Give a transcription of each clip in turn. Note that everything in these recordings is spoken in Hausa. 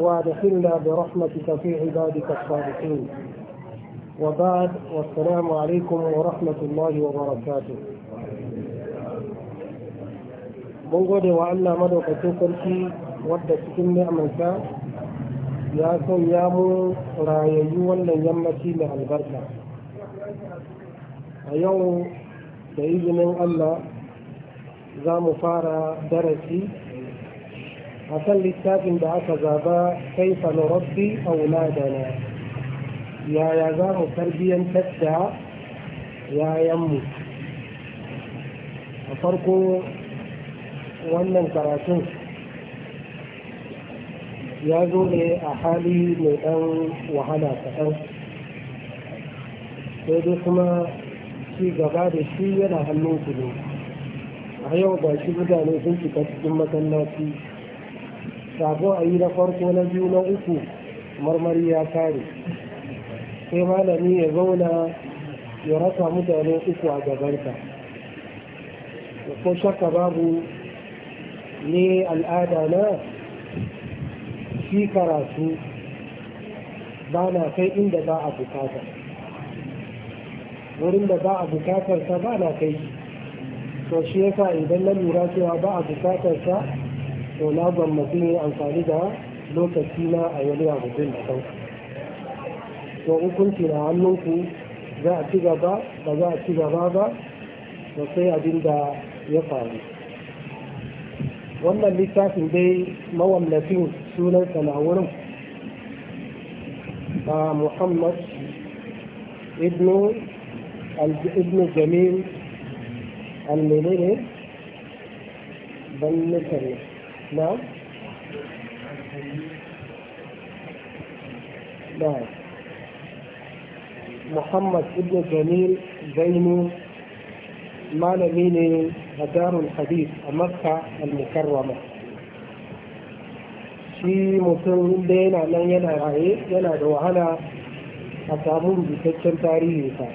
وادخلنا برحمتك في عبادك الصالحين وبعد والسلام عليكم ورحمة الله وبركاته mun gode wa Allah madaukakin sarki wadda cikin ni'amansa ya sanya mu rayayyu wannan yammaci mai albarka a yau da izinin Allah za mu fara darasi a kan littafin da aka zaba kai fanorabbi a wuladana yaya za mu tarbiyyantar da yayanmu a farko wannan karatun ya zo ne a hali mai ɗan wahala kaɗan sai dai kuma ci gaba da shi yana hannun su ne a yau ba shi mutane sun fita cikin masallaci sabo a yi na farko na biyu na uku marmari ya kare sai malami ya zauna ya rasa mutane uku a gabanta ko shakka babu ne al'ada na shi karatu ba na kai inda ba a bukata wurin da ba a bukatarsa ba na kai to shi yasa idan na lura cewa ba a bukatarsa to na gwamnati ya amfani da lokaci na a wani mutum da kan to hukunci na hannunku za a ci gaba ba za a ci gaba ba da sai abin da ya faru wannan littafin dai mawallafin sunan sana'urin a muhammad ibnu ibnu jamil al-menene ban nukan Muhammad نعم محمد ابن malami ne a darul hadith a makka al shi mutum da yana nan yana raye yana da wahala a samu rubutaccen tarihinsa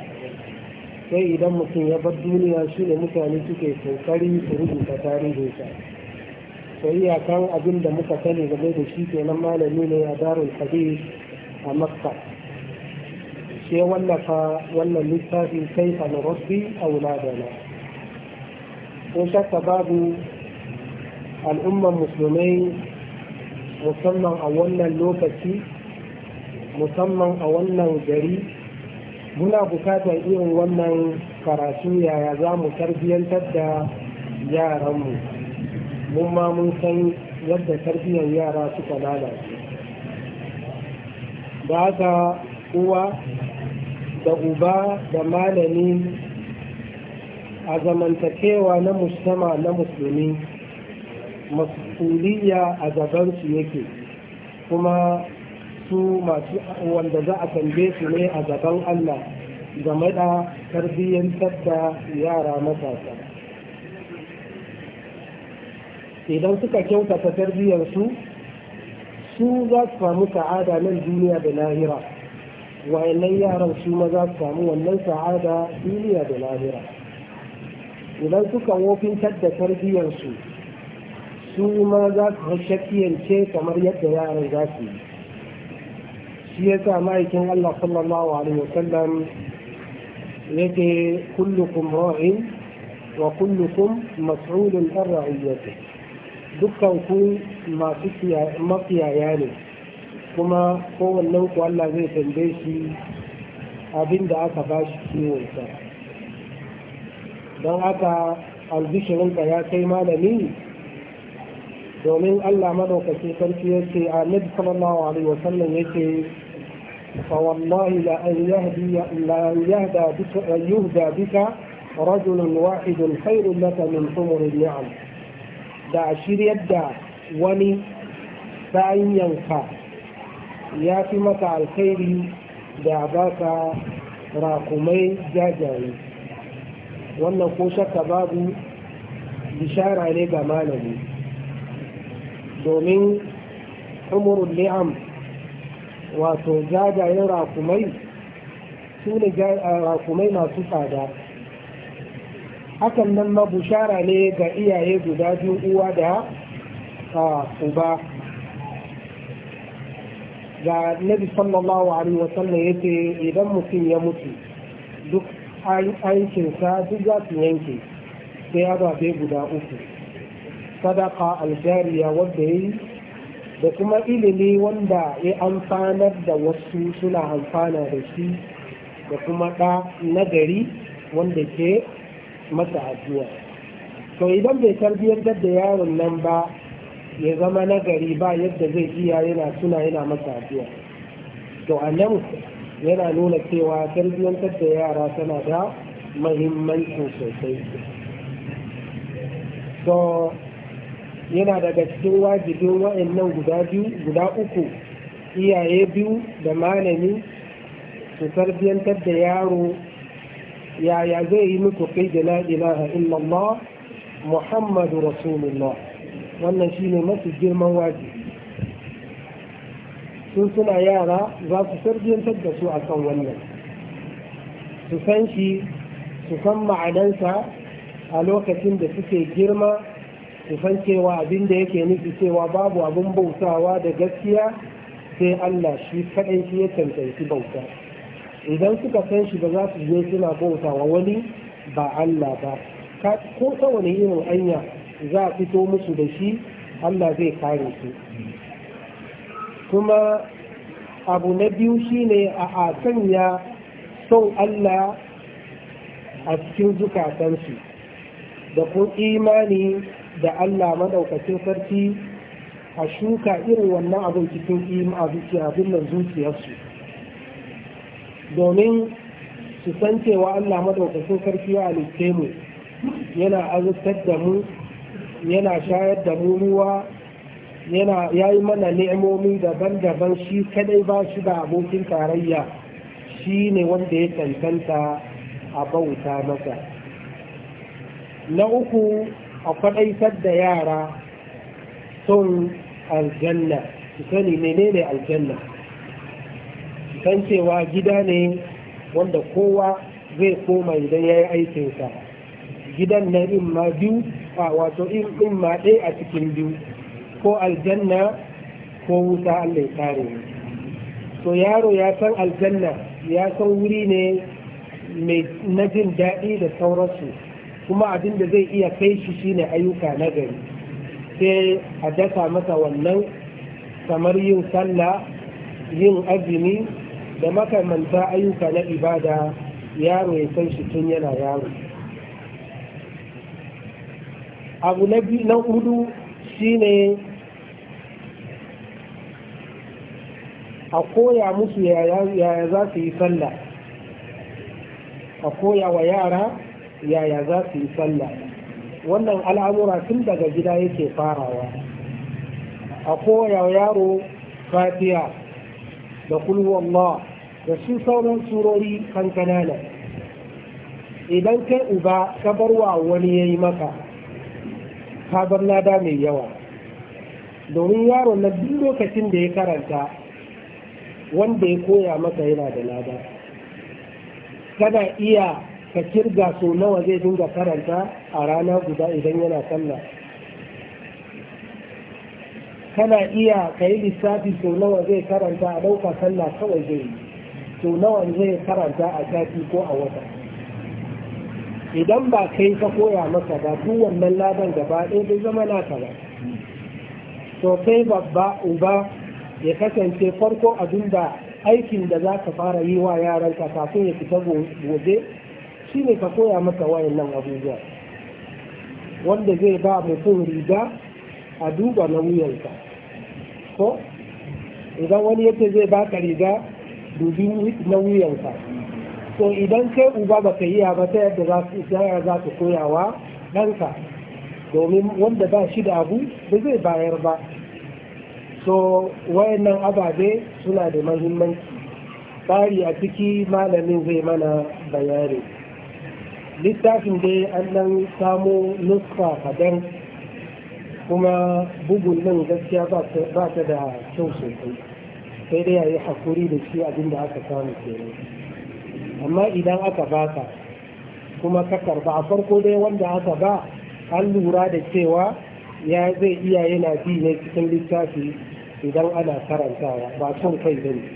sai idan mutum ya bar duniya shi ne mutane suke kokari su rubuta tarihinsa shari'a kan abin da muka sani game da shi kenan malami ne a darul hadith a makka sai wallafa wannan littafin kai a wula da na ko shakka babu al'umman musulmai musamman a wannan lokaci musamman a wannan gari muna bukatar irin wannan karatu yaya za mu tarbiyyantar da yaranmu mun ma mun san yadda tarbiyyar yara suka lalace da haka uwa da uba da malami a zamantakewa na musamman na musulmi masuliya a gabansu yake kuma su masu wanda za a tambaye su ne a gaban allah game da tarbiyyantar da yara matasa idan suka kyautata tarbiyyarsu su za su samu sa'ada nan duniya da lahira wa'annan yaran su ma za su samu wannan sa'ada duniya da lahira idan suka wofintar da tarbiyyarsu su ma za su shakiyance kamar yadda yaran za su yi shi ya sa ma'aikin Allah sallallahu alaihi wasallam yake kullukum ra'in wa kullukum mas'ulun an ra'iyyatihi dukkan ku masu makiyaya ne kuma kowannen ku Allah zai tambaye shi abin da aka ba shi kiwonsa don haka albishirinka ya kai malami domin Allah madaukake sarki ya ce a nabi sallallahu alaihi wasallam ya ce فوالله لأن يهدي لأن يهدى بك, يهدى بك رجل واحد خير لك من حمر النعم da a shiryar da wani bayan yanka ya fi maka alkhairi da baka rakumai jajaye wannan ko shakka babu bishara ne ga malami domin umurul li'am wato jajayen rakumai su ne rakumai masu tsada hakan nan ma bushara ne ga iyaye guda biyu uwa da uba ga nabi sallallahu alaihi wasallam ya ce idan mutum ya mutu duk aikinsa duk za su yanke sai ababe guda uku sadaka aljariya wadda ya yi da kuma ilimi wanda ya amfanar da wasu suna amfana da shi da kuma ɗa nagari wanda ke masa addu'a to idan bai tarbiyyar da yaron nan ba ya zama nagari ba yadda zai iya yana suna yana masa addu'a to a nan yana nuna cewa tarbiyyantar da yara tana da mahimmanci sosai to yana daga cikin wajibin wa'annan guda biyu guda uku iyaye biyu da malami su tarbiyyantar da yaro yaya zai yi muku kai da la ilaha illallah muhammadu rasulullah wannan shine masu girman wajibi sun suna yara za su sarjantar da su a kan wannan su san shi su san ma'adansa a lokacin da suke girma su san cewa abin da yake nufi cewa babu abin bautawa da gaskiya sai allah shi kaɗai shi ya cancanci bauta idan suka san shi ba za su je suna bauta wa wani ba Allah ba ko ta wani irin anya za a fito musu da shi Allah zai kare su kuma abu na biyu shine a sanya son Allah a cikin zukatansu da kun imani da Allah maɗaukacin sarki a shuka irin wannan abin cikin abin nan zuciyarsu domin su san cewa Allah madaukakin sarki ya halitte mu yana azurtar da mu yana shayar da mu ruwa yana yayi mana ni'imomi daban-daban shi kadai ba shi da abokin tarayya shi ne wanda ya cancanta a bauta masa na uku a faɗaitar da yara sun aljanna su sani menene aljanna san cewa gida ne wanda kowa zai koma idan ya yi aikinsa gidan na imma biyu a wato imma ɗaya a cikin biyu ko aljanna ko wuta allah ya ne, to yaro ya san aljanna ya san wuri ne mai na jin daɗi da sauransu kuma abin da zai iya kai shi shine ayyuka na gari sai a dasa masa wannan kamar yin sallah yin azumi da makamanta ayyuka na ibada yaro ya san shi tun yana yaro abu na biyu na hudu shine a koya musu yaya za su yi a koya wa yara yaya za su yi sallah wannan al'amura tun daga gida yake farawa a koya yaro kafiya. da kulwallah da su sauran surori kan kanana idan kai uba ka wa wani ya yi maka ka bar lada mai yawa domin yaron na duk lokacin da ya karanta wanda ya koya maka yana da lada kana iya ka kirga so nawa zai dinga karanta a rana guda idan yana sallah kana iya ka yi lissafi sau nawa zai karanta a ɗauka sallah kawai zai yi sau nawa zai karanta a sati ko a wata idan ba kai ka koya masa ba duk wannan ladan gaba ɗaya bai zama naka ba to kai babba uba ya kasance farko abin da aikin da za ka fara yi wa yaranka kafin ya fita gobe shi ne ka koya masa wayannan abubuwa wanda zai ba mutum riga a duba na wuyanka ko idan wani yace zai baka riga dubi na wuyanka to idan kai uba baka yi ba ta yadda za su koyawa ɗanka domin wanda ba shi da abu ba zai bayar ba so wayannan ababe suna da mahimmanci tsari a ciki malamin zai mana bayani littafin dai an nan samo nuska kadan kuma bugun nan gaskiya ba ta da kyau sosai sai dai yayi hakuri da shi abin da aka samu kenan amma idan aka baka kuma ka karba a farko dai wanda aka ba an lura da cewa ya zai iya yana bi ne cikin littafi idan ana karantawa ba son kai bane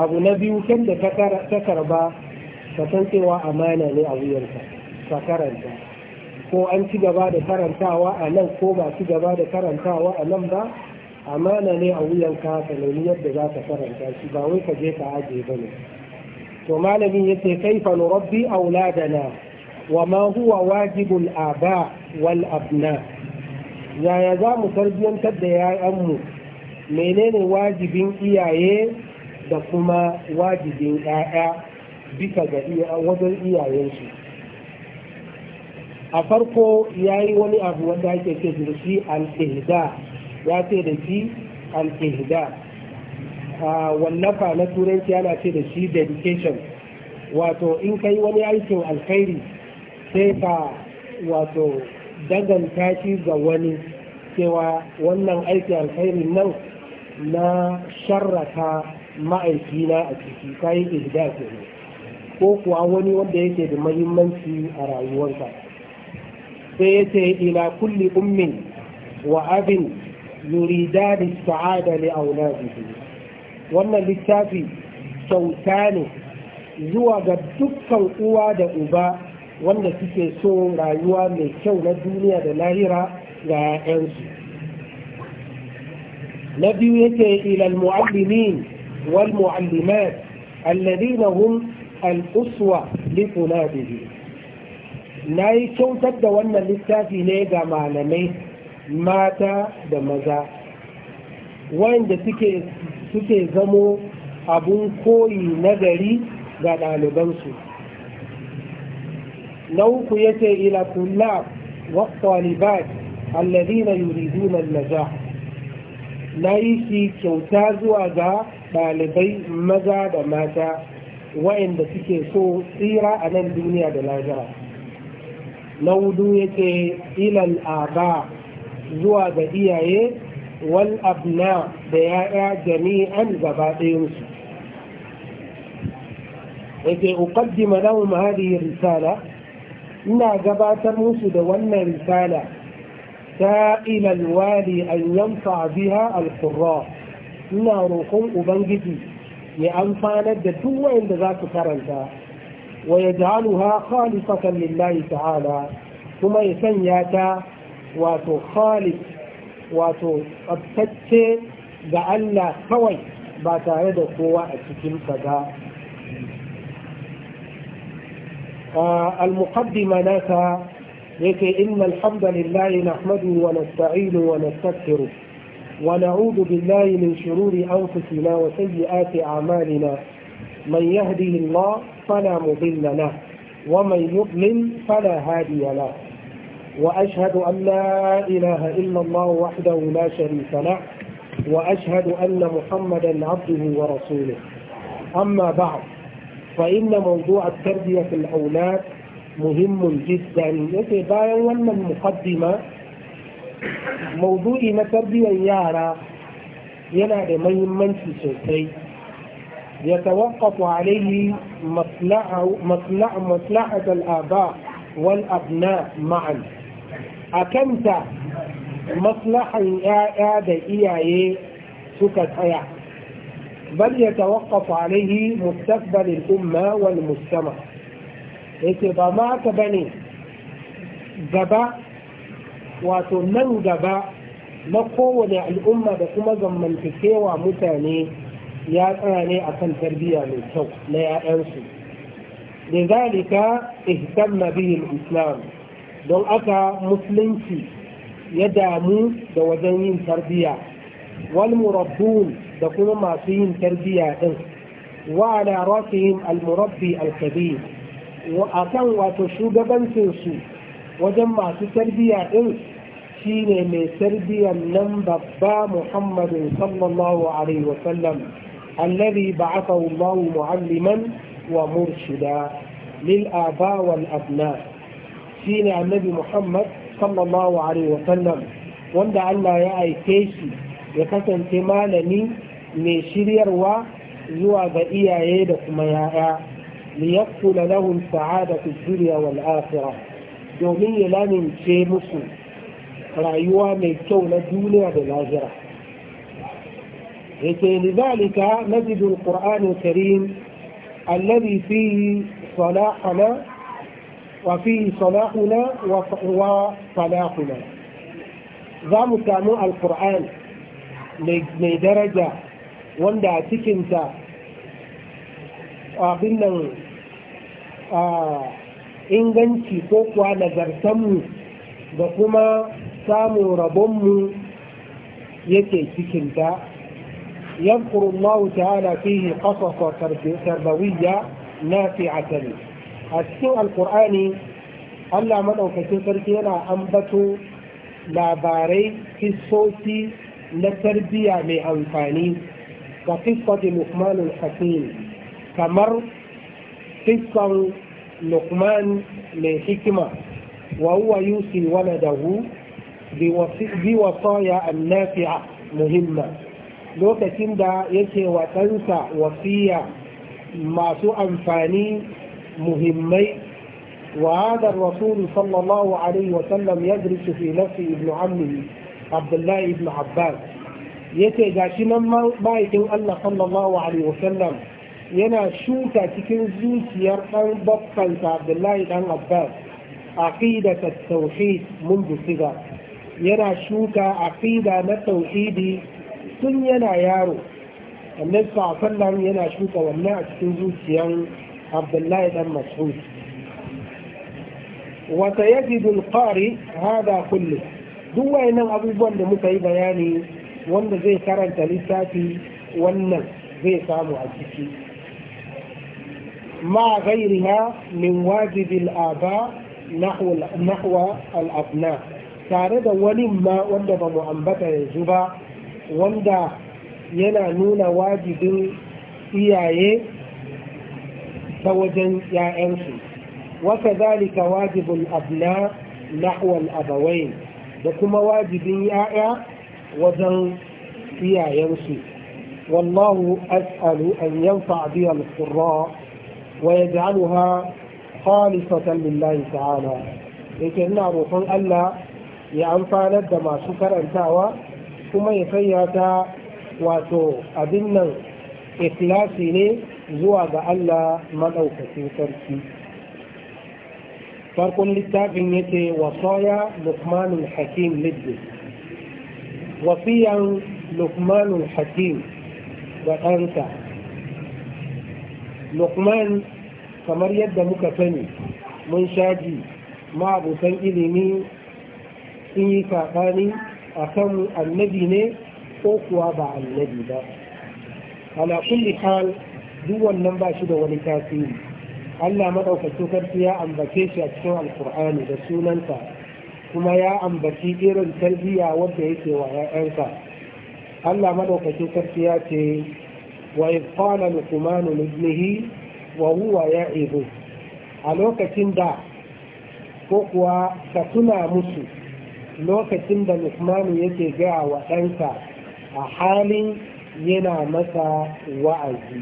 abu na biyu kan da ta karba ka san cewa amana ne a wuyanka ka karanta ko an ci gaba da karantawa a nan ko ba ci gaba da karantawa a nan ba amana ne a wuyanka ka nemi yadda za ka karanta shi ba wai ka je ka aje ba ne to malamin yace kaifa nurabbi auladana wa ma huwa wajibul aba wal abna yaya za mu tarbiyantar da yayanmu menene wajibin iyaye da kuma wajibin 'ya'ya bisa ga wajen iyayensu a farko ya yi wani abu wanda ake ce da shi al ya ce da shi al-ihda wallafa na turanci yana ce da shi dedication wato in kai wani aikin alkhairi sai ka wato daganta shi ga wani cewa wannan aikin alkhairi nan na sharrata ma'aikina a ciki kayan ihda ko kuwa wani wanda yake da mahimmanci a rayuwarka sai ce ila kulli ummin wa abin yurida da sa'ada li auladihi wannan littafi kyauta ne zuwa ga dukkan uwa da uba wanda suke so rayuwa mai kyau na duniya da lahira ga 'ya'yansu na biyu yake ilal mu'allimin wal mu'allimat alladhina hum al-uswa li na yi kyautar da wannan littafi ne ga malamai mata da maza wanda suke zamo abun koyi nagari ga ɗalibansu na uku ya ce ila kula wa na allazina yuriduna naja na yi shi kyauta zuwa ga ɗalibai maza da mata wa'inda suke so tsira a nan duniya da lahira na hudu yake ilal aba zuwa ga iyaye wal abna da ya'ya jami'an gaba ɗayansu yake na mu hadhihi risala ina gabatar musu da wannan risala ta ilal wali an yanfa biha al ina roƙon ubangiji ya amfanar da duk wayanda za su karanta ويجعلها خالصة لله تعالى ثم يسنياتا واتو خالص واتو أبتت جعلنا كوي باتارد قوة السكين فدا آه المقدمة ناسا يكي إن الحمد لله نحمده ونستعينه ونستغفره ونعوذ بالله من شرور أنفسنا وسيئات أعمالنا من يهده الله فلا مضل له ومن يضلل فلا هادي له وأشهد أن لا إله إلا الله وحده لا شريك له وأشهد أن محمدا عبده ورسوله أما بعد فإن موضوع التربية في الأولاد مهم جدا يتي المقدمة موضوع na tarbiyyar yara yana da mahimmanci يتوقف عليه مصلحة, مصلحة, الآباء والأبناء معا أكمت مصلحة الاباء إياه سكت أياه بل يتوقف عليه مستقبل الأمة والمجتمع إذا ما تبني gaba وتنن nan gaba الامه kowane زمن da kuma zamantakewa ya tsaya ne a kan tarbiyya mai kyau na 'ya'yansu lizalika ihtamma bihi al-islam don aka musulunci ya damu da wajen yin tarbiyya wal murabbun da kuma masu yin tarbiyya din wa ala rasihim al murabbi al kabir wa akan wato shugabancin su wajen masu tarbiyya din shine mai tarbiyyar nan babba Muhammadin sallallahu alaihi wa sallam الذي بعثه الله معلما ومرشدا للآباء والأبناء سين النبي محمد صلى الله عليه وسلم وندع الله يا أي كيشي يكسن تمالني من شرير و زوى بئي عيدة ميائا ليقتل لهم سعادة الدنيا والآخرة يومي لا من رأيوا من كون الدنيا بالآخرة لذلك نجد القرآن الكريم الذي فيه صلاحنا وفيه صلاحنا وصلاحنا ذا مكان القرآن لدرجة وندا تكنت وابنن inganci ko kuwa nazartanmu da kuma samun rabonmu yake cikinta يذكر الله تعالى فيه قصص تربوية نافعة السوء القرآن ألا من أفتح تركينا أنبتوا لاباري في الصوت لتربية مأنفاني كقصة لقمان الحكيم كمر قصة لقمان لحكمة وهو يوصي ولده بوصايا النافعة مهمة lokacin da yake wa ɗansa wasiya masu amfani muhimmai وهذا الرسول صلى الله عليه وسلم يدرس في نفس ابن عمه عبد الله بن عباس yake gashi nan ma'aikin Allah sallallahu alaihi wasallam yana shuka cikin zuciyar ɗan bakkansa Abdullahi dan Abbas aqidat ta tauhid mun صغر yana shuka aqida na tauhidi tun yana yaro annabi sallallahu yana shuka wannan a cikin zuciyan abdullahi dan mas'ud wa sayajidu al-qari hada kullu duk wayannan abubuwan da muka yi bayani wanda zai karanta littafi wannan zai samu a ciki ma gairiha min wajibil aba nahwa al-abna tare da wani ma wanda ba mu ambata yanzu ba wanda yana nuna wajibin iyaye ta wajen ya'yansu wata zalika wajibin abna na abawai da kuma wajibin ya'ya wajen iyayensu wallahu as'alu an yanfa biyar kura wa ya jalu ha halittar lillahi ta'ala da ke nuna roƙon allah ya amfanar da masu karantawa kuma ya sanya wato abin nan ikilasi ne zuwa ga Allah maɗaukacin sarki farkon littafin yake Wasoya lukmanul hakim liddi wasiyan lukmanul hakim ga ɗansa lukman kamar yadda muka sani mun shaji ma'abutan ilimi sun yi saɓani akan annabi ne ko kuwa ba annabi ba ala kulli hal duk wannan ba shi da wani tasiri Allah madaukakin sarki ya ambace shi a cikin alkur'ani da sunanta, kuma ya ambaci irin tarbiyya wanda yake wa 'ya'yansa Allah madaukakin sarki ya ce wa qala luqman li ibnihi wa huwa ya'ibu a lokacin da ko kuwa ka tuna musu lokacin da Usmanu yake gaya wa ɗansa a halin yana masa wa'azi.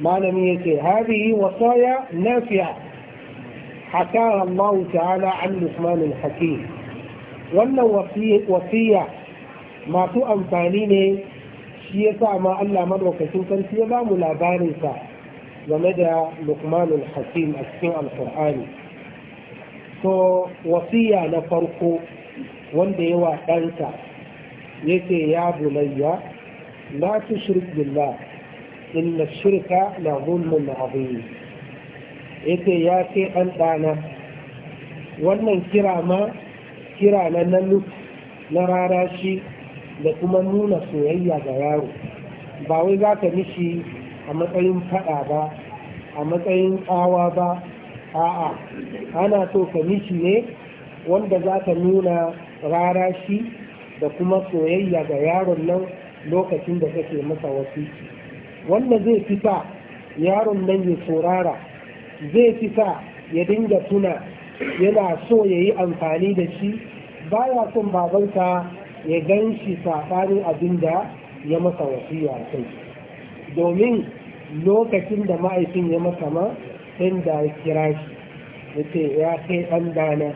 Malami yake hadihi wasaya nafiya حكاها الله تعالى عن لقمان الحكيم wannan wasiya masu amfani ne shi ya sa ma Allah madaukakin sarki ya ba mu labarinsa game da lukmanul hakim a cikin alkur'ani to wasiya na farko wanda yawa ɗansa yake ya bulayya la tushrik billah inda shirka na na azim yake ya ce ɗan ɗana wannan kira ma kira na na rara shi da kuma nuna soyayya ga yaro ba wai za ka mishi a matsayin faɗa ba a matsayin tsawa ba a'a ana so ka mishi ne wanda za ta nuna rara shi da kuma soyayya ga yaron nan lokacin da kake masa wasu wanda zai fita yaron nan ya saurara zai fi ya dinga tuna yana so ya yi amfani da shi baya son babanta ya gan shi saɓanin abin da ya masa wasu kai domin lokacin da ma'aikin ya masa ma inda ya kira shi ya ce ya kai ɗan dana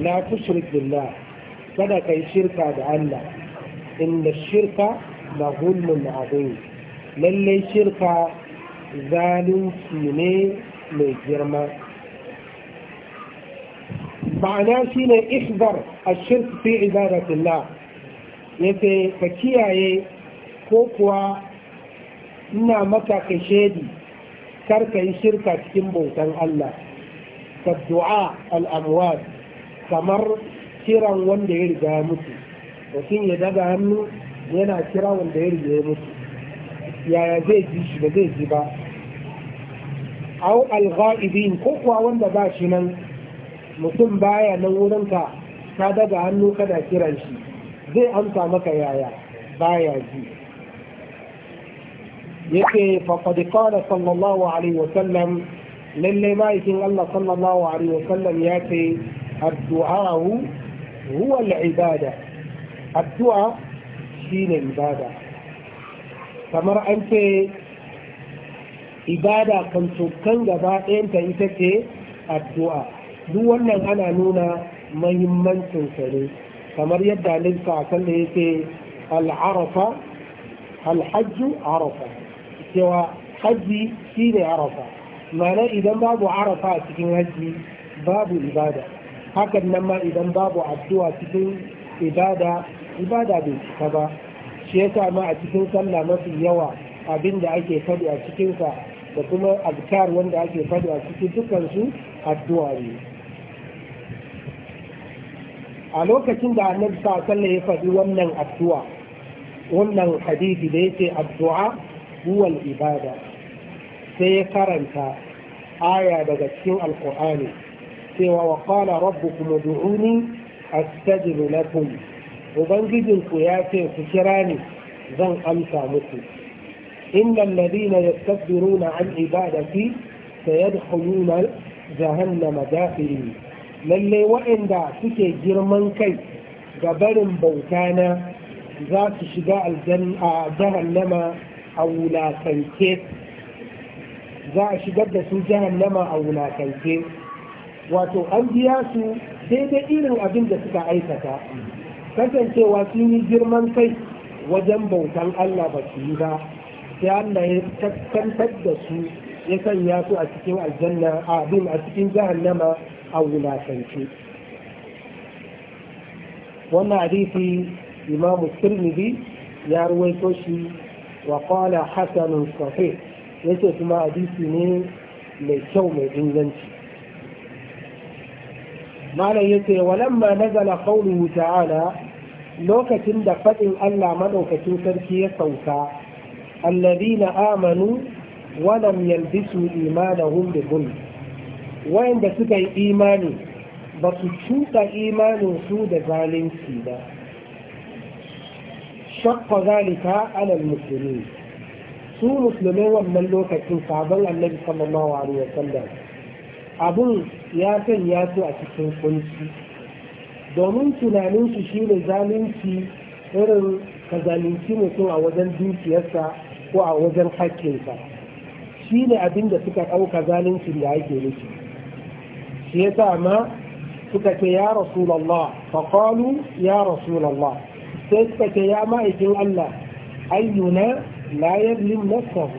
la tushrik billah kada kai shirka da Allah inda shirka na hulmun azim lalle shirka zalunci ne mai girma ma'ana shine ihbar ashirk fi ya yace ka kiyaye ko kuwa ina maka kashedi kar ka yi shirka cikin bautan Allah ka du'a al'amwat kamar kiran wanda ya riga ya mutu mutum ya daga hannu yana kira wanda ya riga ya mutu yaya zai ji shi ba zai ji ba au al-ghaibin ko kuwa wanda ba shi nan mutum baya nan wurinka ka daga hannu kana kiran shi zai amsa maka yaya baya ji yake faƙaɗi ƙara sallallahu alaihi wasallam lallai ma'aikin Allah sallallahu alaihi wasallam ya ce addu'a huwa al'ibada addu'a shine ibada kamar an ce ibada kan tukan gaba ita ce addu'a duk wannan ana nuna mahimmancin ne kamar yadda alisa a kan da yake al'arafa alhajju arafa cewa hajji shi ne arafa ma'ana idan babu arafa a cikin hajji babu ibada hakan nan ma idan babu addu'a cikin ibada ibada bai cika ba shi sa ma a cikin sallah mafi yawa abin da ake faɗi a cikinsa da kuma azkar wanda ake faɗi a cikin dukansu addu'a ne a lokacin da annabi sallallahu ya faɗi wannan addu'a wannan hadisi da yake addu'a huwal ibada sai ya karanta aya daga cikin alkur'ani cewa wa qala rabbukum ud'uni astajib lakum ubangijinku ya ce ku kira ni zan amsa muku na innal ladina yastakbiruna an ibadati sayadkhuluna jahannama dakhirin Lallai, waɗanda suke girman kai ga barin bauta na za su shiga jahannama a wulakance za a shigar da su jahannama a wulakance wato an biya su daidai irin abin da suka aikata kasancewa sun yi girman kai wajen bautan Allah ba su yi ba sai Allah ya kaskantar da su ya sanya su a cikin aljanna a abin a cikin jahannama a wulakance wannan hadisi imamu tirmidhi ya ruwaito shi wa qala hasanun yace kuma hadisi ne mai kyau mai inganci malam yace walamma nazala qawluhu ta'ala lokacin da faɗin Allah maɗaukacin sarki ya sauka alladhina amanu wa lam yalbisu imanahum bi dhulm wayanda suka yi imani ba su cuta imanin su da zalunci ba shakka zalika ala musulmi su musulmai wannan lokacin sabon annabi sallallahu alaihi wasallam abun ya sanya su a cikin kunci domin tunanin su shine zalunci irin ka zalunci mutum a wajen dukiyarsa ko a wajen hakkinsa shi ne abin da suka ɗauka zaluncin da ake nufi shi ya sa ma suka ce ya rasulallah faƙalu ya rasulallah sai suka ce ya ma'aikin Allah ayyuna la yazlim nafsahu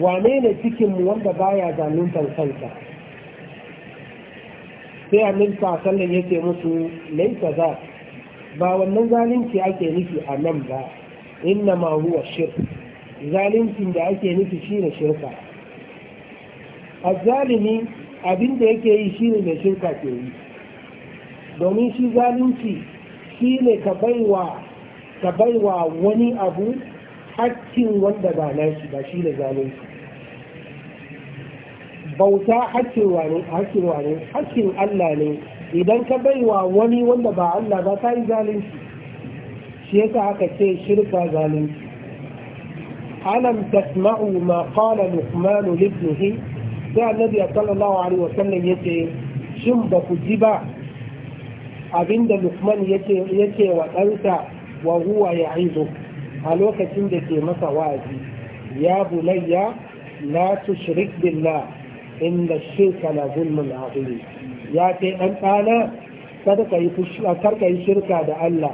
wane ne cikin mu wanda baya zaluntar kansa sai annabi sallallahu ya ce musu laisa za ba wannan zalunci ake nufi a nan ba inna ma huwa shirk zaluncin da ake nufi shine shirka azzalimi abin da yake yi shine mai shirka ke yi domin shi zalunci shi ne ka bai wa ka baiwa wani abu haƙƙin wanda ba na shi ba shi da zalunci bauta haƙƙin wane haƙƙin Allah ne idan ka baiwa wani wanda ba Allah ba ta yi zalunci shi yasa aka ce shirka zalunci alam tasma'u ma qala luqman li ibnihi sai annabi sallallahu alaihi wasallam yace shin ba ku ji ba abinda luqman yake yace wa ɗansa wa huwa ya'idu a lokacin da ke masa wa'azi ya bulayya la tushrik billah inna shirka la zulmun ya kai ɗan dana karka yi shirka da Allah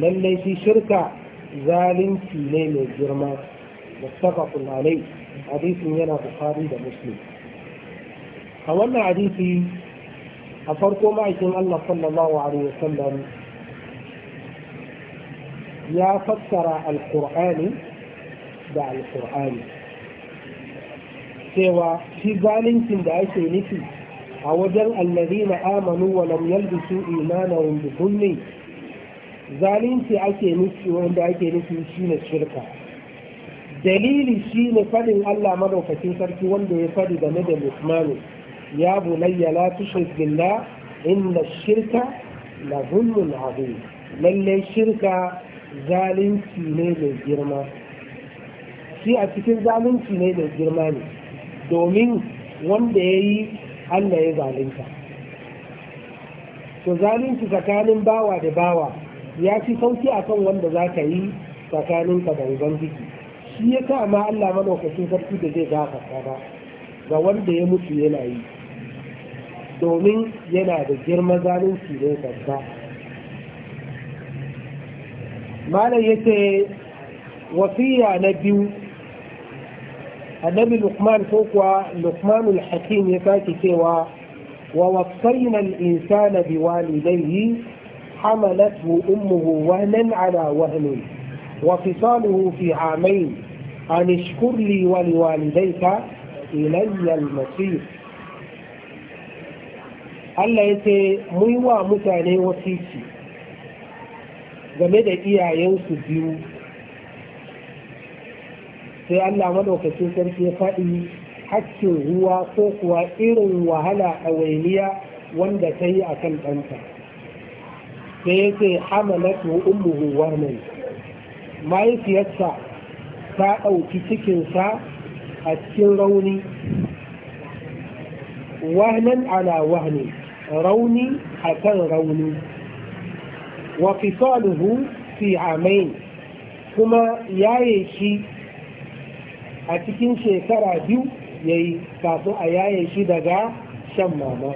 lallai shi shirka zalunci ne mai girma Da saka kunanai, hadisin yana bukari da muslim a wannan hadisi a farko ma'aikin Allah sallallahu alaihi wasallam ya fassara alkur'ani da alkur'ani cewa shi zalincin da ake nufi a wajen allazina amanu wa lam yalbisu imanahum bi dhulmi zalunci ake nufi wanda ake nufi shine shirka dalili shine faɗin Allah madaukakin sarki wanda ya fadi game da Usmanu ya bunayya la tushrik billah inna shirka na zulmun abu. Lallai shirka zalunci ne mai girma shi a cikin zalunci ne mai girma ne domin wanda ya yi allah ya zalunta to zalunci tsakanin bawa da bawa ya fi sauki a kan wanda za ka yi tsakanin ka da ubangiji shi ya sa ma allah maɗaukacin sarki da zai gafarta ba ga wanda ya mutu yana yi domin yana da girma zalunci ne sassa malam ya ce wasiya na biyu annabi lukman ko kuwa lukmanul hakim ya saki cewa wa wasainal insana bi walidayhi hamalatu ummuhu wahnan ala wahni wa fisaluhu fi amain an ishkur li wa liwalidayka ilayya al-masir Allah ya ce mun wa mutane wasici game da iyayensu biyu sai Allah madaukakin sarki ya faɗi hakkin ruwa ko kuwa irin wahala a wainiya wanda ta yi a kan ɗanta sai yake hamalatu ummuhu Mai mahaifiyarsa ta ɗauki cikinsa a cikin rauni wahnan ala wahni rauni akan rauni wa fisaluhu fi amain kuma yaye shi a cikin shekara biyu yayi kafin a yaye shi daga shan mama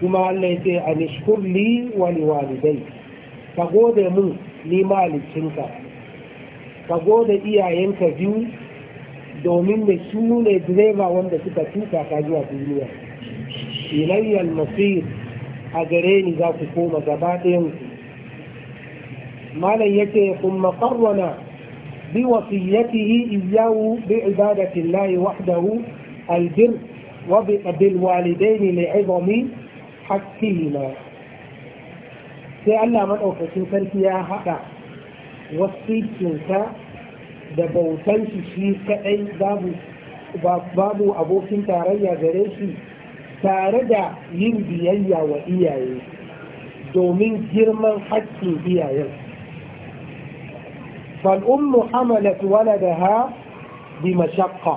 kuma Allah ce a nishkur li wa ka gode mun ni malicinka ka gode iyayenka biyu domin da sune direba wanda suka tuka ka zuwa duniya ilayyal masir a gare ni za ku koma gaba ku malam yace kuma qarrana bi wasiyatihi iyyahu bi ibadati llahi wahdahu albir wa bi bil walidaini li'izami haqqihima sai Allah madaukakin sarki ya haɗa wasiyyinsa da bautan shi shi kadai babu abokin tarayya gare shi tare da yin biyayya wa iyaye domin girman haƙƙin iyayen fal'ummu hamalat waladaha bi mashaqqa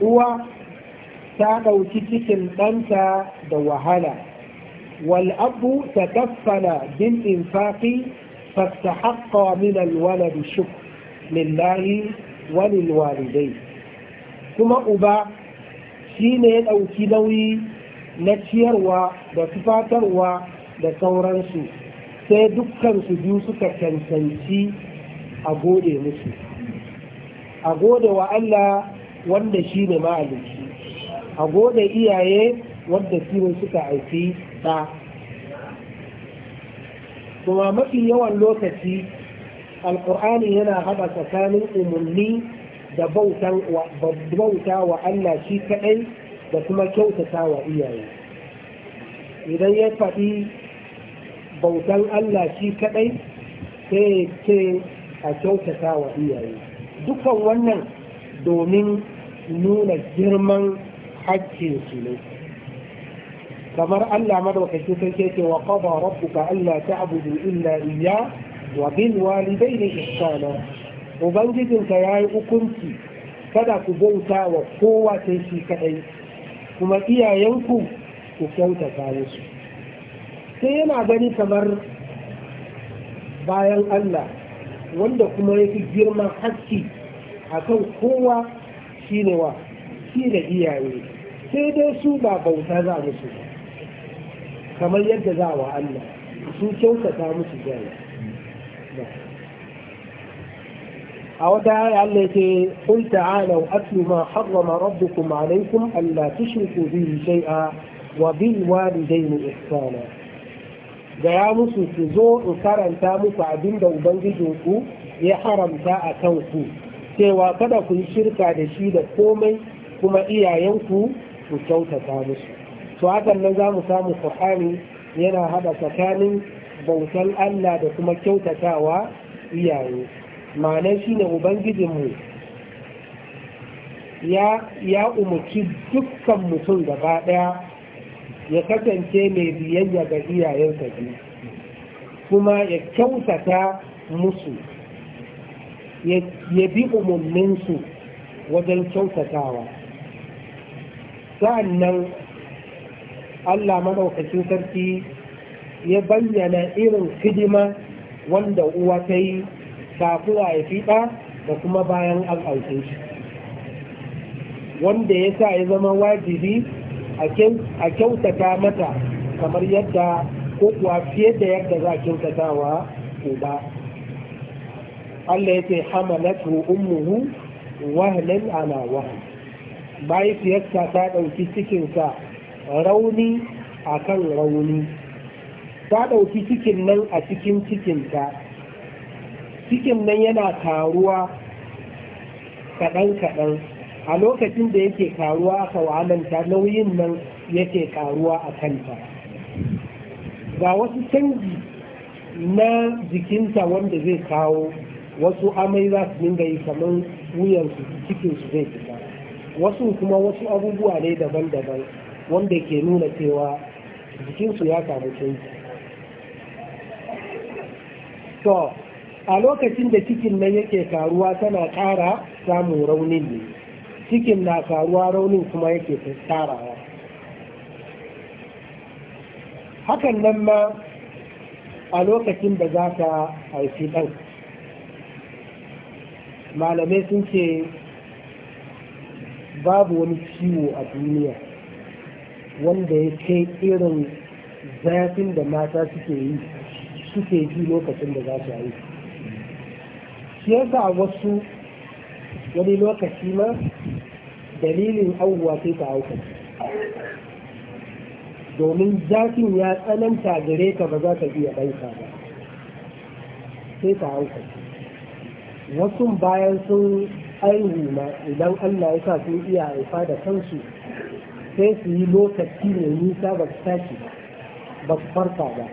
uwa ta ɗauki cikin ɗanta da wahala wal'abu ta kaffala bin infaƙi فاستحق من الولد الشكر لله وللوالدين kuma uba shi ne ya ɗauki nauyi na ciyarwa da tufatarwa da sauransu sai dukkan su biyu suka cancanci a gode musu a gode wa Allah wanda shi ne ma'aliki a gode iyaye wanda shi ne suka aiki ba. kuma mafi yawan lokaci alkur'ani yana haɗa tsakanin umarni da bauta wa Allah shi kaɗai da kuma kyautata wa iyaye idan ya faɗi bautan Allah shi kaɗai sai ce a kyautata wa iyaye dukan wannan domin nuna girman hakkin su ne kamar Allah madaukakin sarki ce wa qada rabbuka alla ta'budu illa iyyah wa bil walidayni ihsana ubangijinka ya yi hukunci kada ku bauta wa kowa sai shi kaɗai kuma iyayenku ku kyautata musu sai yana gani kamar bayan Allah wanda kuma ya fi girman haski a kan kowa shi ne wa shi da iyaye sai dai su ba bauta za musu kamar yadda za wa Allah su kyautata musu jami'a أو دعاء التي قل تعالوا أتل ما حرم ربكم عليكم ألا تشركوا به شيئا وبالوالدين إحسانا gaya musu su zo in karanta muku abin da Ubangijinku ya haramta a ku? cewa kada ku yi shirka da shi da komai kuma iyayenku ku kyautata musu. su hakan nan za mu samu Qur'ani yana haɗa tsakanin bautan Allah da kuma kyautatawa iyaye. ma'anar shi ne ubangijinmu ya umarci dukkan mutum gaba ɗaya ya kasance mai biyayya ga iyayensa biyu kuma ya kyautata musu ya bi umarninsu wajen kyautatawa sa'annan Allah maɗaukacin sarki ya bayyana irin hidima wanda uwa ta yi kafin a ya fiɗa da kuma bayan an shi wanda ya sa ya zama wajibi a kyautata mata kamar yadda ko kuwa fiye da yadda za a kyautatawa uba Allah ya ce hamalatu ummuhu wahlan ala wahlan mahaifiyarsa ta ɗauki cikinsa rauni akan rauni ta ɗauki cikin nan a cikin cikinta cikin nan yana taruwa kaɗan-kaɗan a lokacin da yake karuwa aka wa'alanta nauyin nan yake karuwa a kanta ga wasu canji na jikinta wanda zai kawo wasu amai za su dinga yi kamar wuyansu cikinsu zai fita wasu kuma wasu abubuwa ne daban-daban wanda ke nuna cewa jikinsu ya samu canji a lokacin da cikin nan yake karuwa tana ƙara samun raunin ne cikin na karuwa raunin kuma yake tsarawa hakan nan ma a lokacin da za ta haifi ɗan malamai sun ce babu wani ciwo a duniya wanda ya kai irin zafin da mata suke yi suke ji lokacin da za su haifi shi yasa wasu wani lokaci ma dalilin auwa sai ta auka domin zafin ya tsananta gare ka ba za ka iya ɗauka ba sai ta auka wasu bayan sun aihu ma idan allah ya sa sun iya haifa da kansu sai su yi lokaci ne nisa ba su tashi ba su farka ba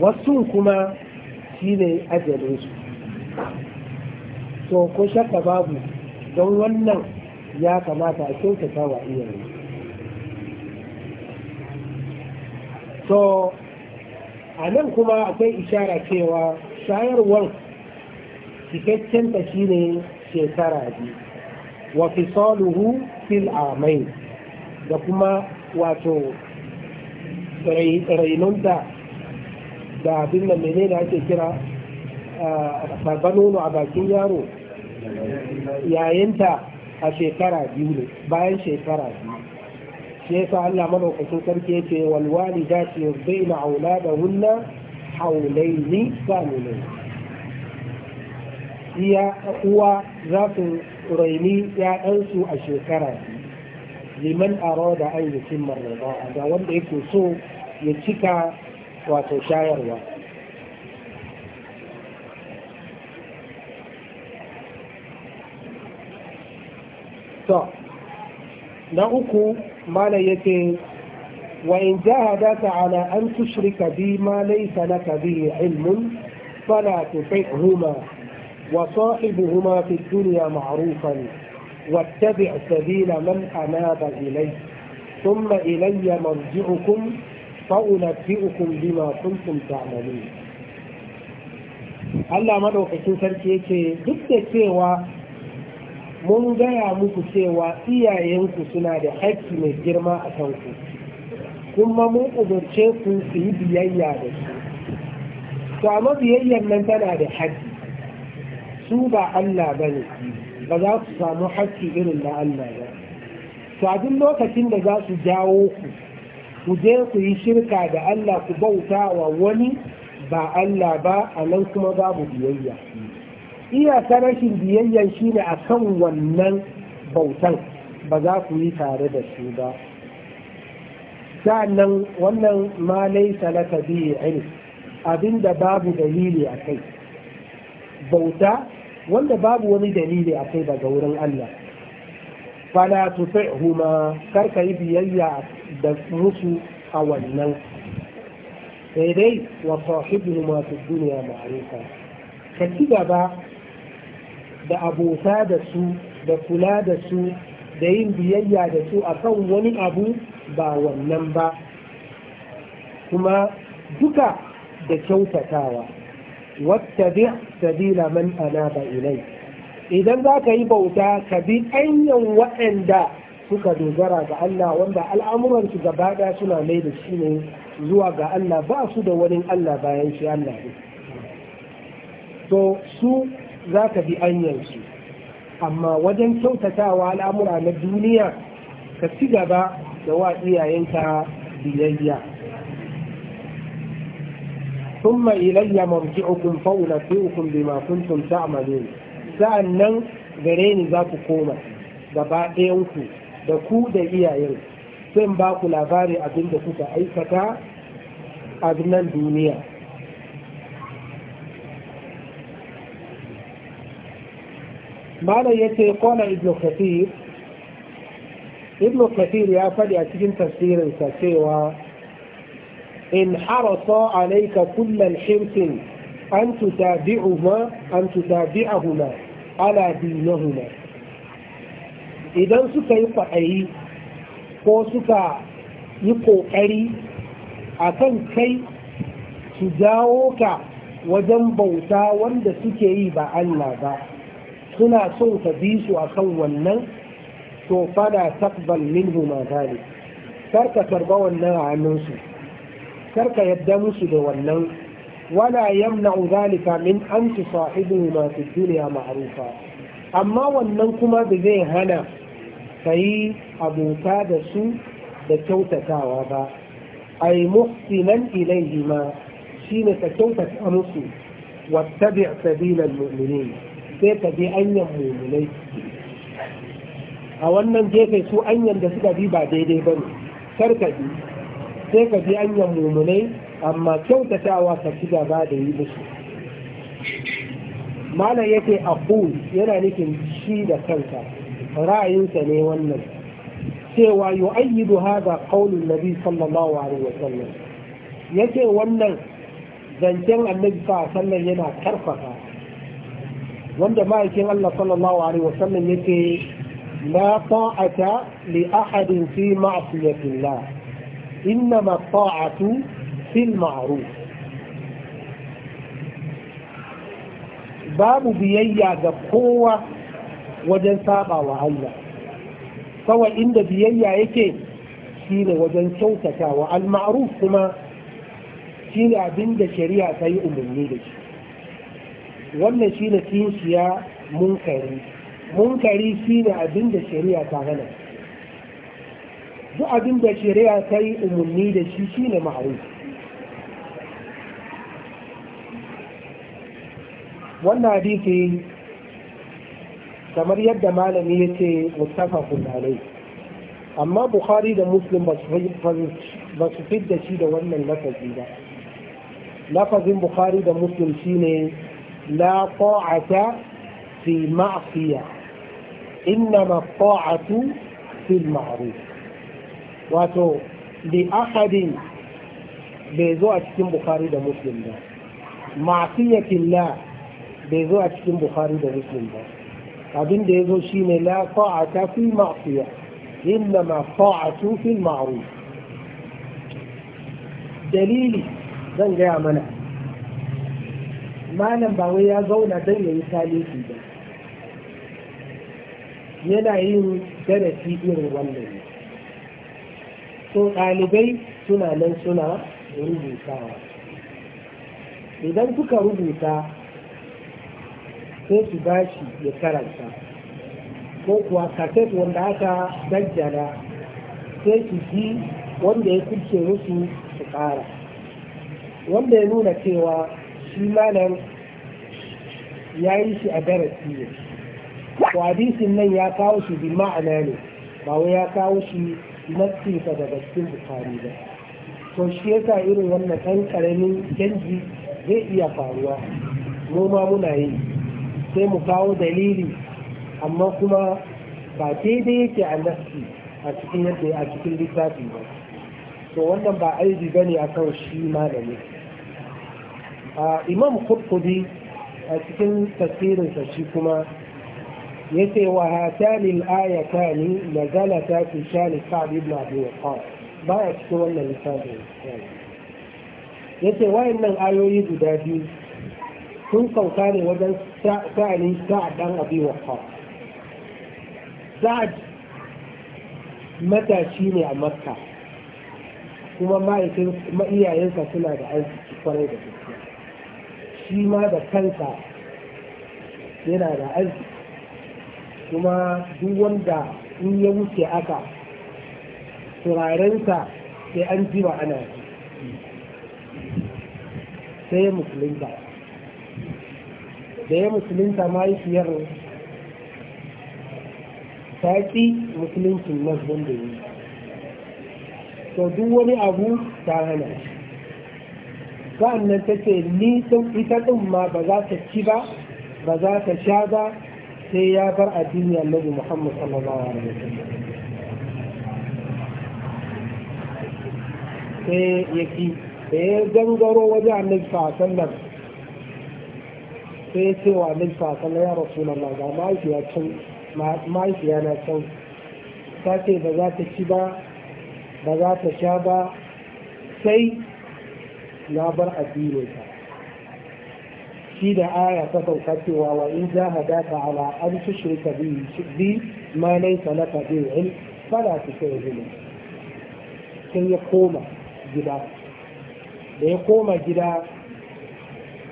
wasu kuma shi ne ajiyar su to ko shakka babu don wannan ya kamata a kyautata wa iyaye to a nan kuma akwai ishara cewa shayarwar cikakkenta shi ne shekara biyu wa saluhu fil amai da kuma wato rainunta da abin nan menene ake kira babban nono a bakin yaro yayinta a shekara biyu ne bayan shekara biyu shi yasa Allah madaukakin sarki yake wal walidati da hunna haulaini kamilai iya uwa za su raini ‘ya'yansu a shekara liman aro da an yi cimma wanda yake so ya cika wato shayarwa to na uku mana yake وإن جاهدك على أن تشرك بي ما ليس لك به علم فلا تطعهما وصاحبهما في الدنيا معروفا واتبع سبيل من أناب إليه ثم إلي مرجعكم fa'unabbi'ukum bima kuntum ta'malun Allah maɗaukacin sarki ce, duk da cewa mun gaya muku cewa iyayenku suna da haƙƙi mai girma a kanku kuma mun umarce ku su yi biyayya da su to amma biyayyar nan tana da haƙƙi su ba Allah ba ne ba za su samu haƙƙi irin na Allah ba to a duk lokacin da za su jawo ku ku je ku yi shirka da Allah ku bauta wa wani ba Allah ba a nan kuma babu biyayya iya rashin biyayyan ne a kan wannan bautan ba za ku yi tare da su ba sa'annan wannan ma laisa laka bihi abinda babu dalili a kai bauta wanda babu wani dalili a kai daga wurin Allah fala kar ka yi biyayya da musu a wannan sai dai wa sahibuhuma masu duniya ma'rufa ka ci gaba da abota da su da kula da su da yin biyayya da su akan wani abu ba wannan ba kuma duka da kyautatawa wata sabila man anaba ilai idan za ka yi bauta ka bi anyan waɗanda suka dogara ga Allah wanda al'amuransu gaba ɗaya suna mai da shi ne zuwa ga Allah ba su da wani Allah bayan shi Allah ne. To su za ka bi hanyarsu, amma wajen kyautatawa al'amura na duniya ka ci gaba da wa iyayenka biyayya. ثم إلي مرجعكم فأنبئكم بما كنتم تعملون sa'an nan gare ni za ku koma gaba ɗayanku da ku da iyayen sun ba ku labari abin da kuka aikata a nan duniya malam ya ce kona ibn kathir ya faɗi a cikin tafsirinsa cewa in harasa alaika kullum shirkin an tutabi'uhuma ala dinahuma idan suka yi kwaɗayi ko suka yi ƙoƙari a kan kai su jawo ka wajen bauta wanda suke yi ba Allah ba suna son ka bi su a kan wannan to fada takbal minhu ma zalik karka karba wannan a hannunsu karka yadda musu da wannan wala yamna uzali kamin an tusahibu ma fi dunya ma'rufa amma wannan kuma da zai hana kai abota da su da kyautatawa ba ay muhsinan ilayhima shine ka kyautata musu sai anyan a wannan gefe su anyan da suka bi ba daidai ba kar ka bi sai ka bi anyan mu'minai amma kyautatawa ka ci gaba da yi musu malam yake aqul yana nufin shi da kansa ra'ayinsa ne wannan cewa yu'ayyidu hadha qaulun nabi sallallahu alaihi wa sallam yake wannan zancen annabi sa sallan yana karfafa wanda ma'aikin Allah sallallahu alaihi wa sallam yake لا طاعة لأحد في معصية الله إنما الطاعة fil ma'ruf babu biyayya ga kowa wajen saba wa Allah kawai inda biyayya yake shi ne wajen kyautata wa al-ma'ruf kuma shi ne abin da shari'a ta yi umarni da shi wannan shi ne kishiya munkari munkari shi ne abin da shari'a ta hana duk abin da shari'a ta yi umarni da shi shi ne ma'ruf wannan hadisi kamar yadda malami ya ce mustafakun alai amma bukhari da muslim ba su da shi da wannan lafazi ba lafazin bukhari da muslim shine la ta'ata fi ma'siya innama ta'atu fi ma'ruf wato li ahadin bai zo a cikin bukhari da muslim ba la bai zo a cikin bukhari da muslim ba abin da ya zo shi ne la ta fi ma'siya inna ma ta'atu fi maru. dalili zan gaya mana malam ba wai ya zauna don ya yi talifi ba yana yin darasi irin wannan Sun ɗalibai suna nan suna rubutawa idan suka rubuta sai su ba shi ya karanta ko kuwa kaset wanda aka daddara sai su ji wanda ya kurce musu su ƙara wanda ya nuna cewa shi malam ya yi shi a darasi ne to hadisin nan ya kawo shi bi ma'ana ne ba wai ya kawo shi nassinsa daga cikin bukari ba to shi yasa irin wannan ɗan ƙaramin canji zai iya faruwa Noma muna yi sai mu kawo dalili amma kuma ba daidai yake a nafsi a cikin yadda a cikin littafi ba to wannan ba a yi ba ne a kan shi malami imam kurkudi a cikin tasirinsa shi kuma ya ce wa hatani ayata ne na ta fi shani sa'ad ibn abi kawo, ba a cikin wannan littafin ya ce wayannan ayoyi guda biyu sun sauka ne wajen sa'ani sa'ad ɗan abi waqqa sa'ad matashi ne a makka kuma maiyayensa suna da arziki kwarai da gaske shi ma da kansa yana da arziki kuma duk wanda in ya wuce aka turarensa sai an jima ana sai musulunta da ya musulunta mahaifiyar ta musulunci musuluncin nasbin da yi to duk wani abu ta hana sa'annan ta ce ni sun ita ɗin ma ba za ta ci ba ba za ta sha ba sai ya bar addini annabi muhammad sallallahu alaihi wasallam sai ya ki da ya gangaro wajen annabi sallallahu alaihi sai ya ce wa annabi sallallahu ya rasulullah ga mahaifiya can na can ta ce ba za ta ci ba ba za ta sha ba sai na bar addinin ta shi da aya ta sauka cewa wa in dafa ala an su shirka bi ma nai laka bi su sai tusayyidhu sai ya koma gida da ya koma gida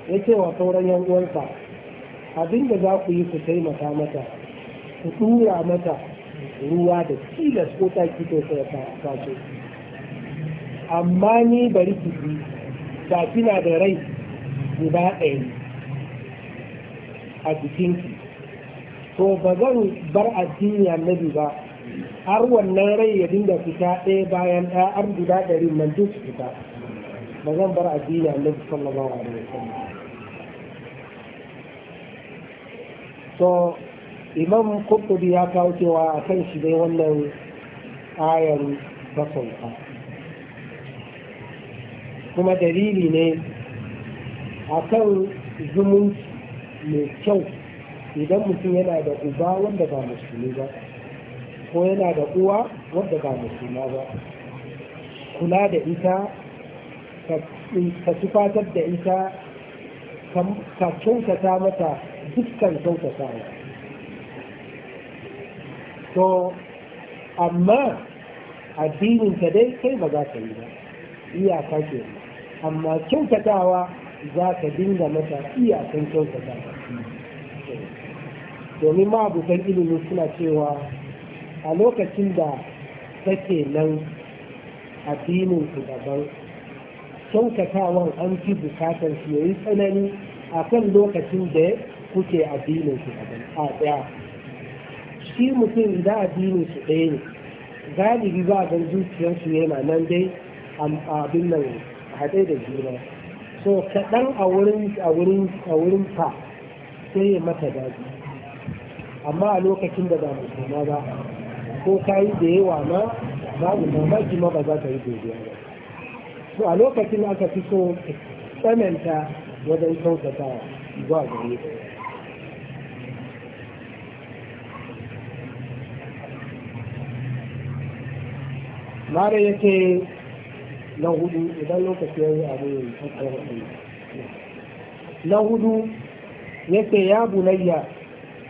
ya ce wa sauran yan uwansa abin za ku yi ku taimaka mata ku tura mata ruwa da tilas ko ta kito ta kwaso amma ni bari ki bi da kina da rai guda ɗaya a ki, to ba zan bar addini annabi ba har wannan rai ya dinga fita ɗaya bayan ɗaya an guda ɗari nan duk fita ba zan bar addini annabi sallallahu alaihi wasallam to imam kuɗuɗi ya kawo cewa a kan shi dai wannan ayar ta kuma dalili ne a kan zumunci mai kyau idan mutum yana da uba wanda ba musulmi ba ko yana da uwa wanda ba musulma ba kula da ita ka tufatar da ita ka kyautata mata dukkan kyautatawa to amma addinin ka dai kai ba za ka yi ba iyaka ke amma kyautatawa za ka dinga mata iyakan kyautatawa domin ma abokan ilimi suna cewa a lokacin da kake nan addinin ku daban kyautatawan an fi bukatar su yayi tsanani a kan lokacin da kuke addinin su a ɗaya shi mutum idan addinin su ɗaya ne galibi ba gan zuciyarsu yana nan dai abin nan haɗe da juna so kaɗan a wurin a fa sai ya mata daɗi amma a lokacin da ba musulma ba ko ka yi da yawa ma ba mamaki ma ba za ka yi godiya ba so a lokacin aka fi so tsananta wajen kyautatawa zuwa gare ka mara yake na hudu idan lokaci ya yi abu ya yi na hudu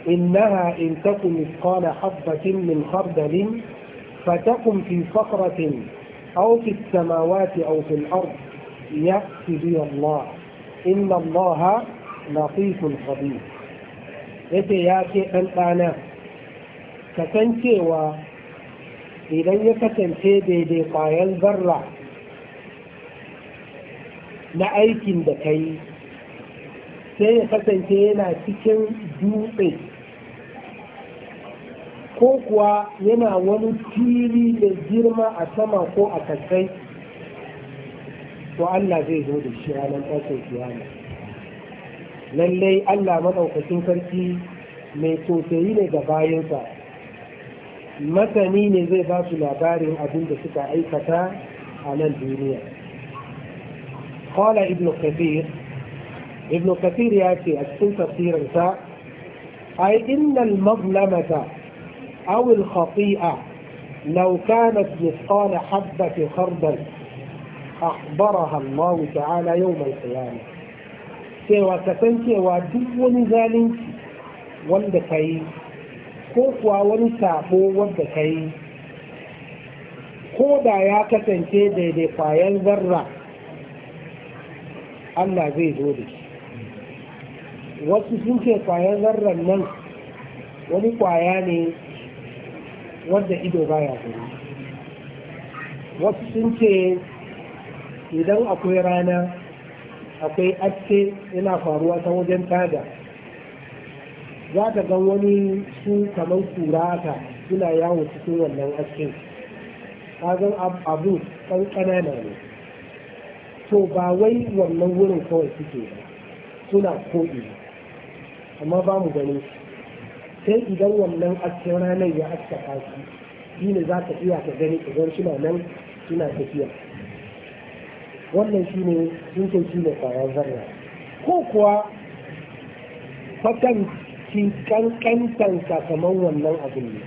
إنها إن تكن مثقال حبة من خردل فتكن في صخرة أو في السماوات أو في الأرض يأتي بها الله إن الله لطيف خبير. إيه يا شيخ الآن كتنشي idan ya kasance daidai ƙwayar zarra na aikin da ka yi sai ya kasance yana cikin dutse ko kuwa yana wani fili da girma a sama ko a kasai to Allah zai zo da shi ranar ɗaukar kiyama lallai Allah maɗaukacin sarki mai tosayi ne da bayansa matani ne zai ba su labarin abin da suka aikata a nan duniya Kola ibn Kafir, ibn Kafir ya ce a cikin tafsirinsa ai innal mazlamata awil khafi'a, khati'a law kanat mithqala habbatin khardal akhbaraha Allah ta'ala yawm al qiyamah cewa kasancewa duk wani zalunci wanda kai ko kuwa wani sabo wanda ka yi ko da ya kasance daidai kwayan zarra Allah zai zo da shi wasu sun ce kwayan zarran nan wani kwaya ne wanda ido baya gani wasu sun ce idan akwai rana akwai aske yana faruwa ta wajen tada za ta gan wani su kamar kura ta suna yawon cikin wannan askin kagan abu ɗan ƙanana ne to ba wai wannan wurin kawai suke ba suna ko'ina amma ba mu gani sai idan wannan askin ranar ya aska su shi za ka iya ka gani idan suna nan suna tafiya wannan shi ne sun shi ne kwayar zarra ko kuwa fakan mafi kankantan kamar wannan abin ne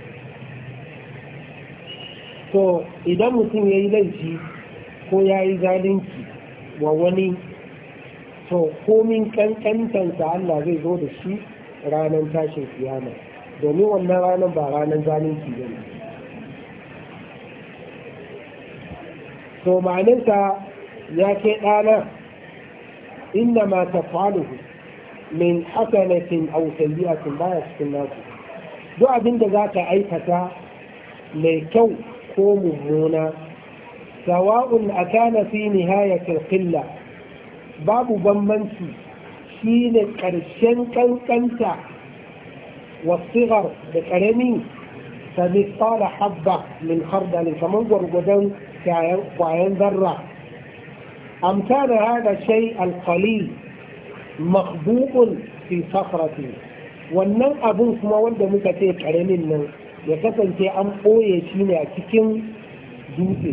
to idan mutum ya yi laifi ko ya yi zalunci wa wani to komin kankantansa Allah zai zo da shi ranar tashin kiyama domin wannan ranar ba ranar zalunci ba ne to ma'anarsa ya ke ɗana inda ma ta faluhu min hasanatin aw sayyi'atin baya cikin nasu duk abin da za ka aikata mai kyau ko mummuna sawa'un akana fi nihayatil qilla babu bambanci shine karshen kankanta wasigar da karami fa mithqala habba min khardal kaman gwargwadon kwayan zarra Amsa da shay al qalil makhbu'un fi wannan abin kuma wanda muka ce karamin nan ya kasance an ɓoye shi ne a cikin dutse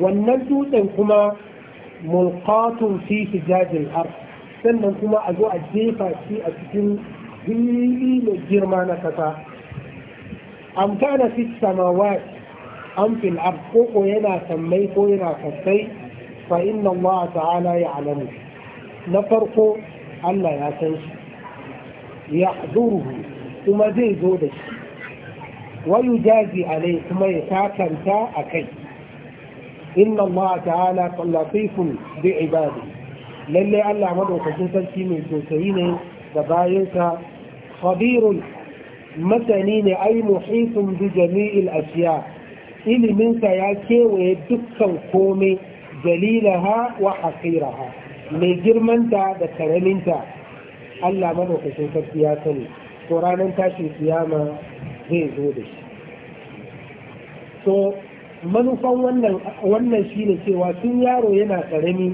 wannan dutsen kuma mulkatun fi hijajin har sannan kuma a zo a jefa shi a cikin fili mai girma na kasa amkana fi samawat an fil ko yana sammai ko yana kasai fa inna Allah ta'ala ya'lamu na farko Allah ya san shi ya kuma zai zo da shi wayu jazi alai kuma ya takanta a kai inna Allah ta'ala latifun bi ibadi Lallai Allah madaukakin sarki mai tausayi ne da bayansa khabirun masani ne ai muhitun bi jami'il ashiya iliminsa ya kewaye dukkan komai jalilaha wa hasiraha mai girmanta da karaminta Allah madaukakin sarki ya sani to ranar tashin kiyama zai zo da shi to manufan wannan wannan shine cewa tun yaro yana karami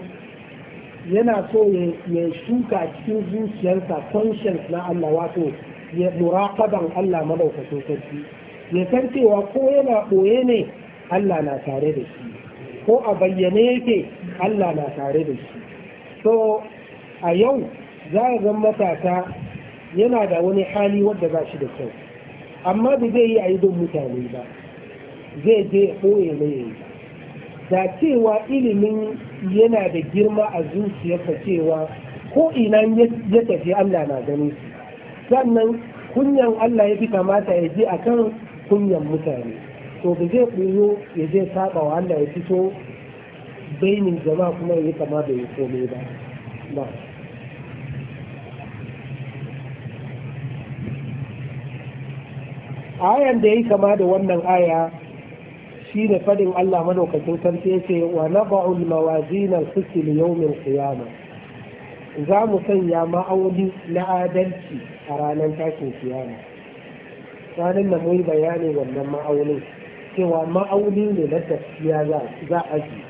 yana so ya shuka cikin zuciyarsa conscience na Allah wato ya muraqaban Allah madaukakin sarki ya san cewa ko yana ɓoye ne Allah na tare da shi ko a bayyane yake Allah na tare da shi so a yau za a zan matasa yana da wani hali wadda za shi da kyau amma da zai yi a idon mutane ba zai je ɓoye mai da cewa ilimin yana da girma a zuciyarsa cewa ko ina ya tafi Allah na gani sannan kunyan Allah ya fi kamata ya je akan kunyan mutane to da zai ɓuyo ya zai saba wa Allah ya fito bainin jama kuma ya kama da ya komai ba ba ayan da ya kama da wannan aya shi ne fadin Allah madaukakin sarki yace wa na mawazin al-qist li yawm al-qiyama za mu sanya ma'auni na adalci a ranar tashin kiyama ranar da mu yi bayani wannan ma'aunin cewa ma'auni ne na tafiya za a ji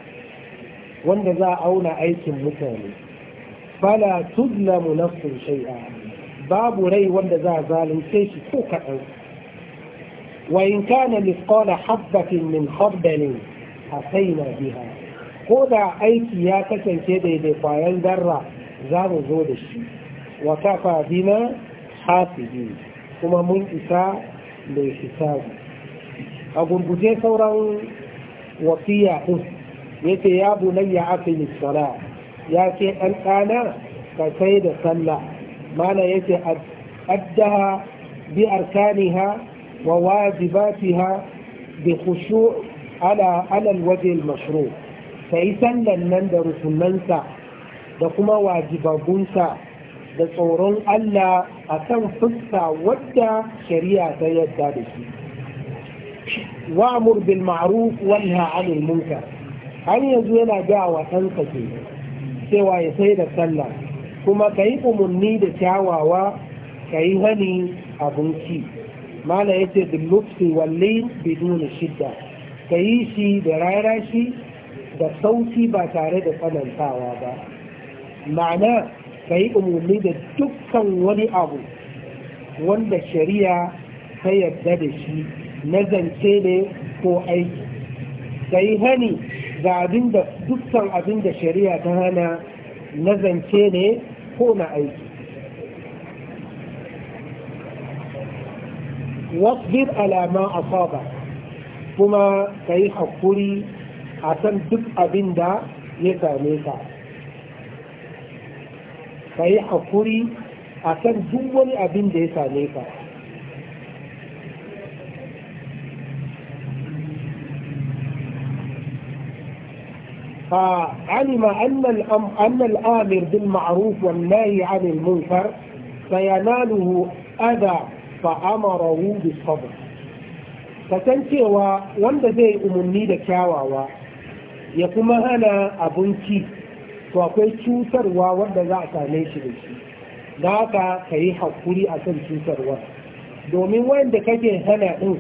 wanda za a auna aikin mutane fala tudlamu nafsun shay'a babu rai wanda za a zalunce shi ko kaɗan wa in kana misqala habbatin min khardalin asaina biha ko da aiki ya kasance daidai kwayan zarra za mu zo da shi wa kafa bina hasidi kuma mun isa mai hisabi a gurguje sauran wasiya din yace ya bunayya aqimi sala ya ce dan dana ka sai da sallah mana yace addaha bi arkaniha wa wajibatiha bi khushu' ala ala alwajh almashru' sai sallan nan da rukunansa da kuma wajibagunsa da tsoron Allah a kan fuska wadda shari'a ta yadda da shi wa'mur bil ma'ruf wa nha 'anil munkar har yanzu yana ga wa kake. cewa ya sai da sallah kuma kai umarni da kyawawa kai wani abinci mala yace bil lutfi wal lin bidun shidda kai shi da rarashi. da sauti ba tare da tsanantawa ba ma'ana kai umarni da dukkan wani abu wanda shari'a ta yarda da shi na zance ne ko aiki Ka yi hani ga abin dukkan abin da shari'a ta hana na zance ne ko na aiki wasbir alama asaba kuma ka yi a san duk abin da ya same ka ka yi hakuri a san duk wani abin da ya same ka فعلم أن أن الآمر بالمعروف والنهي عن المنكر سيناله أذى فأمره بالصبر kasancewa wanda zai umarni da kyawawa ya kuma hana abinci to akwai cutarwa wanda za a same shi da shi da haka ka yi haƙuri a kan cutarwa domin wanda kake hana ɗin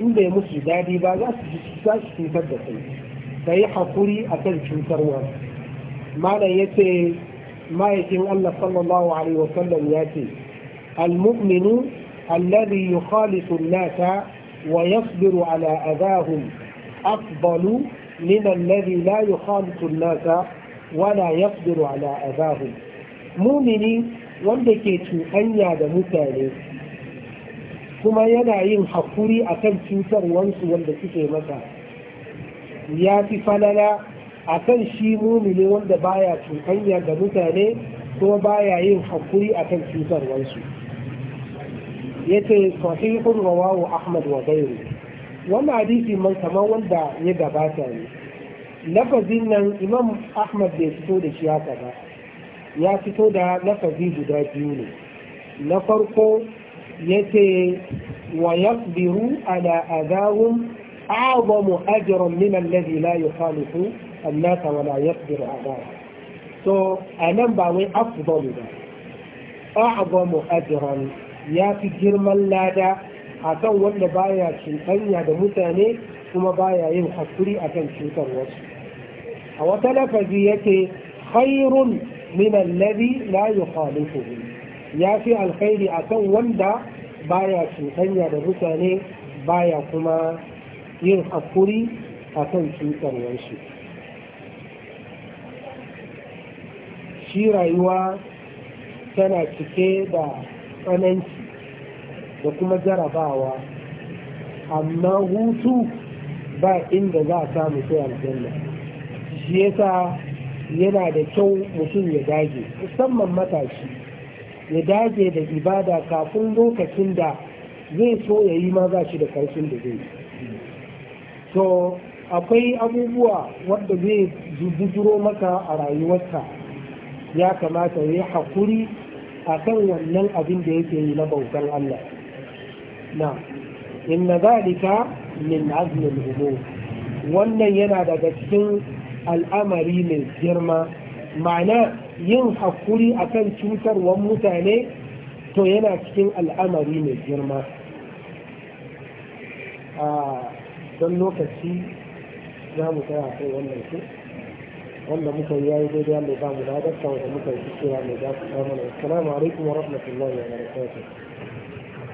in bai musu daɗi ba za su cutar da kai da yi haƙuri a kan cutarwa mana ya ce ma'aikin Allah sallallahu alaihi wasallam ya ce al-mu'minu alladhi yukhalitu an-nasa wa yasbiru ala adahum afdalu min alladhi la yukhalitu an-nasa wa la yasbiru ala adahum mu'mini wanda ke cuɗanya da mutane kuma yana yin haƙuri akan cutarwansu wanda suke masa ya fi falala a kan shi mumini wanda baya cutanya ga mutane ko baya yin hakuri a kan cutarwarsu ya ce sahihun rawahu ahmad wa gairu wannan hadisi man kamar wanda ya gabata ne lafazin nan imam ahmad bai fito da shi haka ba ya fito da lafazi guda biyu ne na farko ya ce wa yaqdiru ala adahum أعظم أجرا من الذي لا يخالف الناس ولا يقدر أعداءهم so a nan ba wai afdalu ba a'zamu ajran ya fi girman lada akan wanda baya cuɗanya da mutane kuma baya yin hakuri akan cutar wasu a wata lafazi yake khairun min alladhi la yukhalifuhu ya fi alkhairi akan wanda baya cuɗanya da mutane baya kuma yin hakuri a kan cutarwar shi shi rayuwa tana cike da tsananci da kuma jarabawa amma hutu ba inda za a samu sai aljanna shi yasa yana da kyau mutum ya dage musamman matashi ya dage da ibada kafin lokacin da zai so ya yi ma za shi da karfin da zai yi to akwai abubuwa wadda zai bujuro maka a rayuwarsa ya kamata ya yi haƙuri a kan wannan abin da yake yi na bautan Allah na inna zalika min azmin umur wannan yana daga cikin al'amari mai girma ma'ana yin hakuri a kan cutarwar mutane to yana cikin al'amari mai girma ah, don lokaci za mu tsaya kai wannan su wanda muka yi yayi daidai wanda ba mu da wanda muka yi cewa mai za su samu na assalamu alaikum wa rahmatullahi wa barakatuh